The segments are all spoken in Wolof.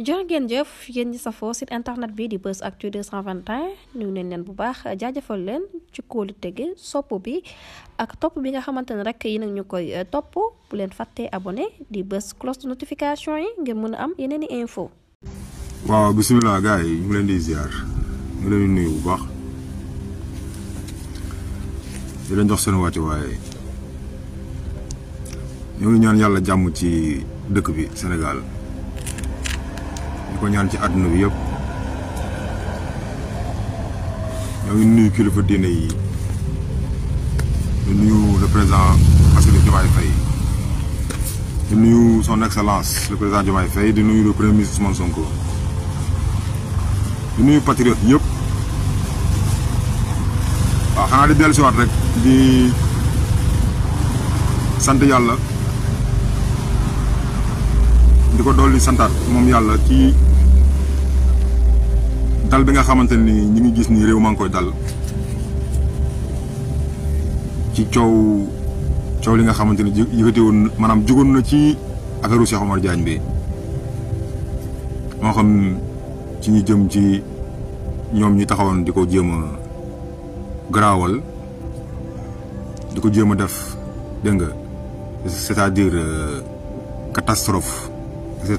jërë ngeen jëf yéen ñi safoo site internet bi di Buzz Actu 221 ñu neen leen bu baax jaajafal leen ci kóolu tege sopp bi ak topp bi nga xamante ne rek yi nag ñu koy eh, topp bu leen fàttee abone di bës cloche de notification yi ngir mën a am yeneen i info waaw bisimilah gars yi ñu leen di ziar ñu leen nuyu bu baax di leen jox seen wàcc waaye ñoo ngi ñaan yàlla jàmm ci dëkk bi Sénégal ko ñaan ci àdduna bi yëpp ñoo ngi nuyu kilifa diine yi di nuyu le président Bassirou Diomaye Faye di nuyu son excellence le président Diomaye di nuyu le premier ministre Ousmane di nuyu patriote yëpp waaw xanaa di dellusiwaat rek di sant yàlla di ko dolli santaat moom yàlla ci dal bi nga xamante ni ñu ngi gis ni réew maa ngi koy dal ci coow coow li nga xamante ni yëkkati woon maanaam jugoon na ci affaire Cheikh Omar Diagne bi moo xam ci ñu jëm ci ñoom ñu taxawoon di ko jéem a garaawal di ko jéem a def dégg nga c'est-à-dire euh, catastrophe et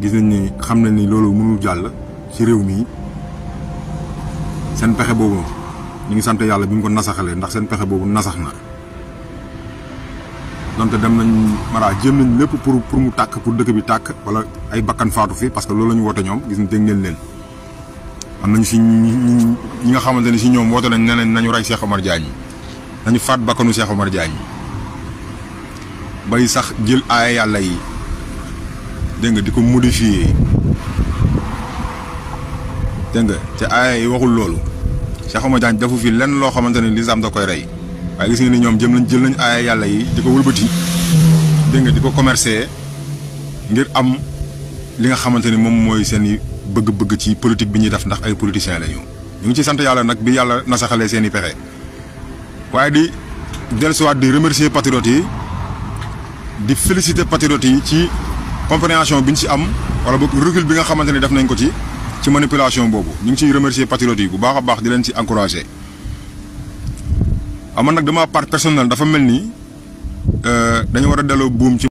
gis nañ ni xam nañ ni loolu mënul jàll ci réew mi seen pexe boobu ñu ngi sant yàlla bi mu ko nasaxalee ndax seen pexe boobu nasax na donte dem nañ mara jéem nañ lépp pour pour mu tàkk pour dëkk bi tàkk wala ay bakkan faatu fii parce que loolu la ñu woote ñoom gis nga dégg neen leen am nañu si ñi nga xamante ne si ñoom woote nañ ne nañu rey Cheikh Omar Diagne nañu faat bakkanu Cheikh Omar Diagne bay sax jël aaya yàlla yi dégg nga di ko modifier dégg nga te aaya yi waxul loolu Cheikh Oumar Diagne defu fi lenn loo xamante ne lislaam da koy rey waaye gis nga ni ñoom jëm nañ jël nañu aaya yàlla yi di ko wëlbati dégg nga di ko commercer ngir am li nga xamante ni moom mooy seen i bëgg-bëgg ci politique bi ñuy def ndax ay politiciens la ñu. ñu ngi ci sant yàlla nag bi yàlla nasaxalee seen i pexe waaye di dellusiwaat di remercier patriotes yi di féliciter patriotes yi ci. compréhension bi ñu si am wala boog recul bi nga xamante ne def nañ ko ci ci manipulation boobu ñu ngi ciy remercier patriotes yi bu baax a baax di leen ci encouragé. amoon ah, nag dama part personnel dafa mel ni euh, dañu war a delloo buum ci.